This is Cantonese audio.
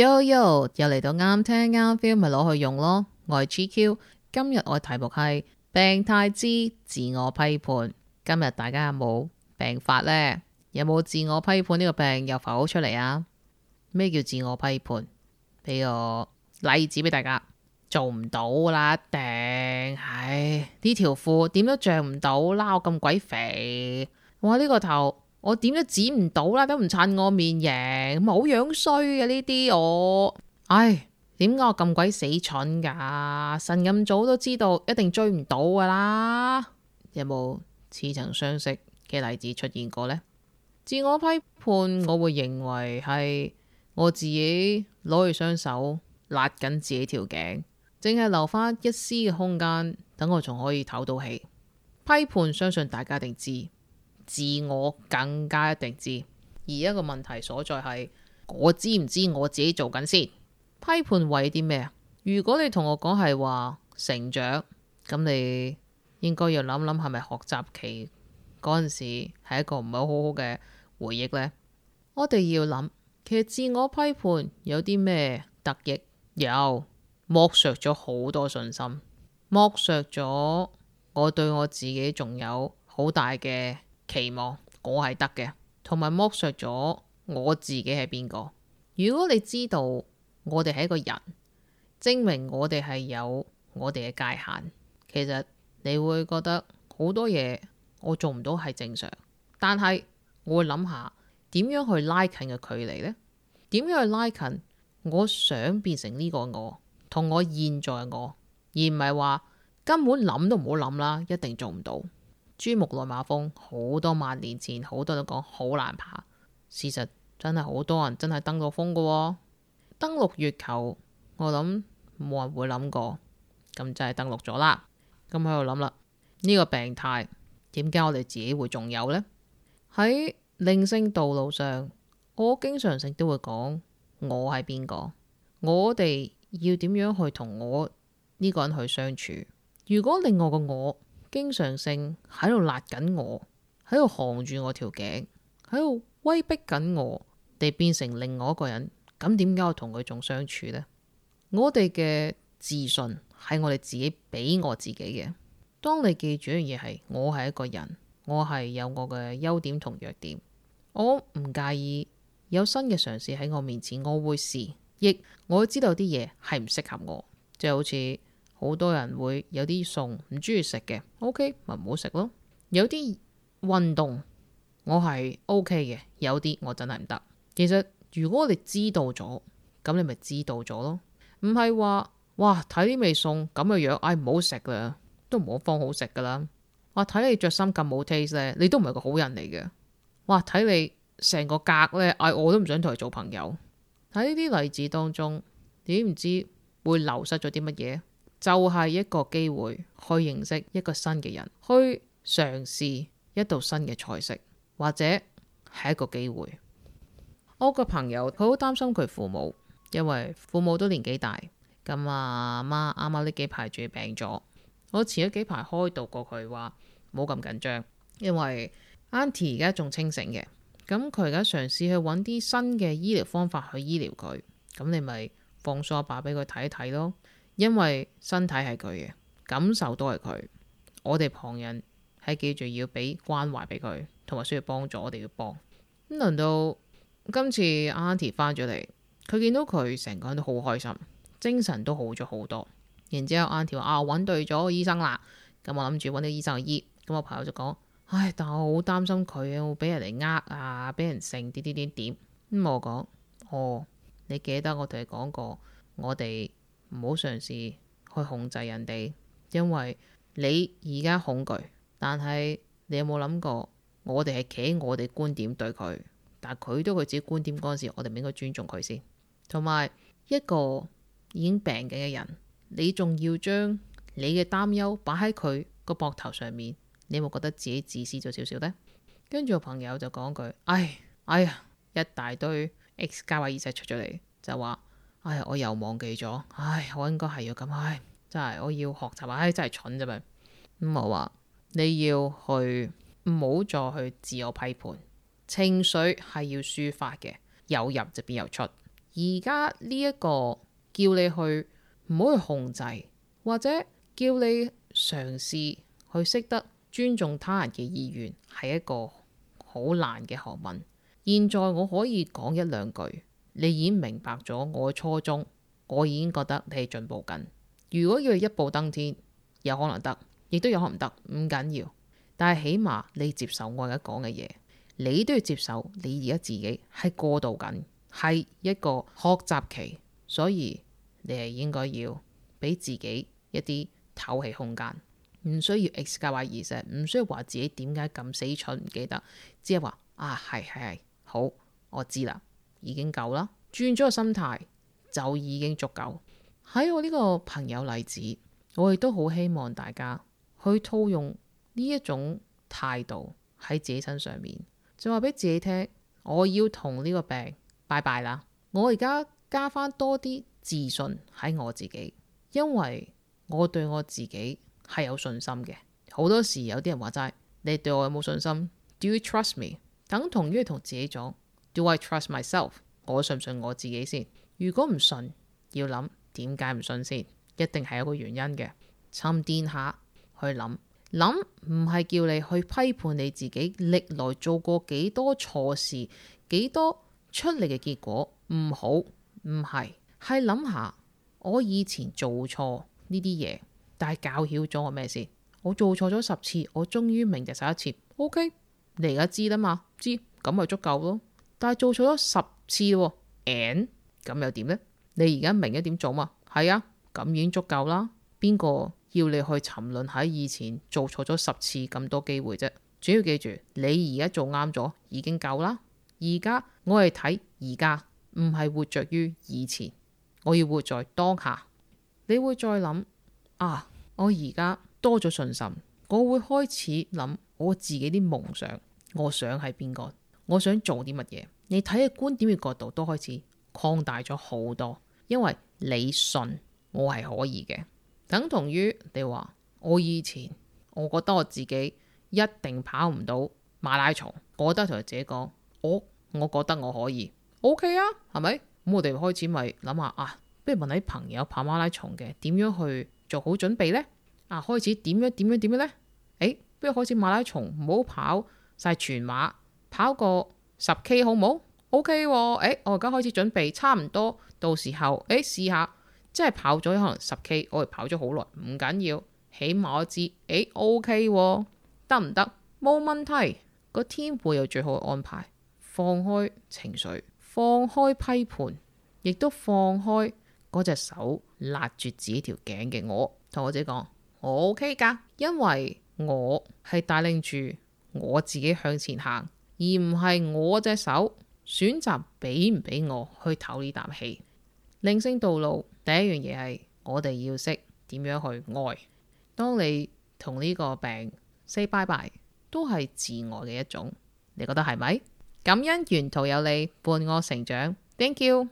喲喲，Yo Yo，又嚟到啱聽啱 feel，咪攞去用咯。我係 GQ，今日我題目係病態之自我批判。今日大家有冇病發呢？有冇自我批判呢個病又浮出嚟啊？咩叫自我批判？俾個例子俾大家，做唔到啦，頂！唉，呢條褲點都着唔到喇，我咁鬼肥，我呢個頭，我點都剪唔到啦，都唔襯我面型，咁好樣衰嘅呢啲我。唉，點解我咁鬼死蠢噶？神咁早都知道，一定追唔到噶啦。有冇似曾相識嘅例子出現過呢？自我批判，我會認為係我自己攞住雙手勒緊自己條頸，淨係留返一絲嘅空間，等我仲可以唞到氣。批判相信大家一定知。自我更加一定知，而一個問題所在係，我知唔知我自己做緊先？批判為啲咩啊？如果你同我講係話成長，咁你應該要諗諗係咪學習期嗰陣時係一個唔係好好嘅回憶咧？我哋要諗，其實自我批判有啲咩得益？有剝削咗好多信心，剝削咗我對我自己仲有好大嘅。期望我係得嘅，同埋剝削咗我自己係邊個？如果你知道我哋係一個人，證明我哋係有我哋嘅界限，其實你會覺得好多嘢我做唔到係正常，但係我會諗下點樣去拉近嘅距離呢？點樣去拉近我想變成呢個我同我現在我，而唔係話根本諗都唔好諗啦，一定做唔到。珠穆朗瑪峰，好多萬年前，好多人都講好難爬。事實真係好多人真係登到峰㗎喎。登陸月球，我諗冇人會諗過，咁就係登陸咗啦。咁喺度諗啦，呢個病態點解我哋自己會仲有呢？喺靈性道路上，我經常性都會講我係邊個，我哋要點樣去同我呢個人去相處？如果另外個我？經常性喺度勒緊我，喺度扛住我條頸，喺度威逼緊我哋變成另外一個人。咁點解我同佢仲相處呢？我哋嘅自信係我哋自己俾我自己嘅。當你記住一樣嘢係，我係一個人，我係有我嘅優點同弱點。我唔介意有新嘅嘗試喺我面前，我會試。亦我知道啲嘢係唔適合我，就係好似。好多人會有啲餸唔中意食嘅，O K 咪唔好食咯。有啲運動我係 O K 嘅，有啲我真係唔得。其實如果我哋知道咗，咁你咪知道咗咯。唔係話哇，睇啲味餸咁嘅樣，唉、哎、唔好食啦，都唔好方好食噶啦。哇，睇你着衫咁冇 taste 咧，你都唔係個好人嚟嘅。哇，睇你成個格呢，唉、哎、我都唔想同你做朋友。喺呢啲例子當中，點唔知會流失咗啲乜嘢？就係一個機會去認識一個新嘅人，去嘗試一道新嘅菜式，或者係一個機會。我個朋友佢好擔心佢父母，因為父母都年紀大，咁阿媽啱啱呢幾排仲病咗。我前咗幾排開導過佢話冇咁緊張，因為 Auntie 而家仲清醒嘅，咁佢而家嘗試去揾啲新嘅醫療方法去醫療佢，咁你咪放鬆下把俾佢睇一睇咯。因為身體係佢嘅，感受都係佢。我哋旁人係記住要俾關懷俾佢，同埋需要幫助，我哋要幫。咁輪到今次 Auntie 翻咗嚟，佢見到佢成個人都好開心，精神都好咗好多。然之後 Auntie 話：啊，揾對咗醫生啦！咁、嗯、我諗住揾啲醫生去醫。咁、嗯、我朋友就講：唉，但係我好擔心佢會俾人哋呃啊，俾人成啲啲啲點。咁、嗯、我講：哦，你記得我同你講過，我哋。唔好嘗試去控制人哋，因為你而家恐懼，但係你有冇諗過，我哋係企喺我哋觀點對佢，但係佢都佢自己觀點嗰陣時，我哋咪應該尊重佢先。同埋一個已經病緊嘅人，你仲要將你嘅擔憂擺喺佢個膊頭上面，你有冇覺得自己自私咗少少咧？跟住個朋友就講句，唉、哎，哎呀，一大堆 X 加位耳仔出咗嚟，就話。哎，我又忘記咗。哎，我應該係要咁。唉，真係我要學習。唉，真係蠢啫嘛。咁、嗯、我話你要去，唔好再去自我批判。情緒係要抒發嘅，有入就變有出。而家呢一個叫你去唔好去控制，或者叫你嘗試去識得尊重他人嘅意願，係一個好難嘅學問。現在我可以講一兩句。你已經明白咗我嘅初衷，我已經覺得你係進步緊。如果要一步登天，有可能得，亦都有可能唔得，唔緊要。但係起碼你接受我而家講嘅嘢，你都要接受你而家自己係過渡緊，係一個學習期，所以你係應該要俾自己一啲透氣空間，唔需要 x 加 y 二隻，唔需要話自己點解咁死蠢唔記得，只係話啊，係係係，好，我知啦。已經夠啦，轉咗個心態就已經足夠。喺我呢個朋友例子，我亦都好希望大家去套用呢一種態度喺自己身上面，就話俾自己聽：我要同呢個病拜拜啦！我而家加翻多啲自信喺我自己，因為我對我自己係有信心嘅。好多時有啲人話齋：你對我有冇信心？Do you trust me？等同於同自己講。Do I trust myself？我信唔信我自己先？如果唔信，要諗點解唔信先，一定係一個原因嘅。沉澱下去諗諗，唔係叫你去批判你自己歷來做過幾多錯事，幾多出嚟嘅結果唔好，唔係係諗下我以前做錯呢啲嘢，但係教曉咗我咩先？我做錯咗十次，我終於明日十一次，OK，你而家知得嘛？知咁咪足夠咯。但係做錯咗十次咯，and 咁又點呢？你而家明一點做嘛？係啊，咁已經足夠啦。邊個要你去沉淪喺以前做錯咗十次咁多機會啫？主要記住，你而家做啱咗，已經夠啦。而家我係睇而家，唔係活著於以前，我要活在當下。你會再諗啊？我而家多咗信心，我會開始諗我自己啲夢想。我想係邊個？我想做啲乜嘢？你睇嘅觀點嘅角度都開始擴大咗好多，因為你信我係可以嘅，等同於你話我以前我覺得我自己一定跑唔到馬拉松。我覺得同自己講，我我覺得我可以，OK 啊，係咪咁？我哋開始咪諗下啊，不如問下啲朋友跑馬拉松嘅點樣去做好準備呢？啊，開始點樣點樣點樣呢？欸，誒，不如開始馬拉松唔好跑晒全馬。跑個十 K 好冇 O K 喎，我而家開始準備，差唔多到時候，誒、欸、試下，即係跑咗可能十 K，我哋跑咗好耐，唔緊要，起碼我知，誒 O K 喎，得唔得？冇問題，個天父有最好嘅安排，放開情緒，放開批判，亦都放開嗰隻手攔住自己條頸嘅我，同我自己講，我 O K 㗎，因為我係帶領住我自己向前行。而唔係我隻手選擇俾唔俾我去唞呢啖氣，靈性道路第一樣嘢係我哋要識點樣去愛。當你同呢個病 say bye bye，都係自愛嘅一種。你覺得係咪？感恩沿途有你伴我成長，thank you。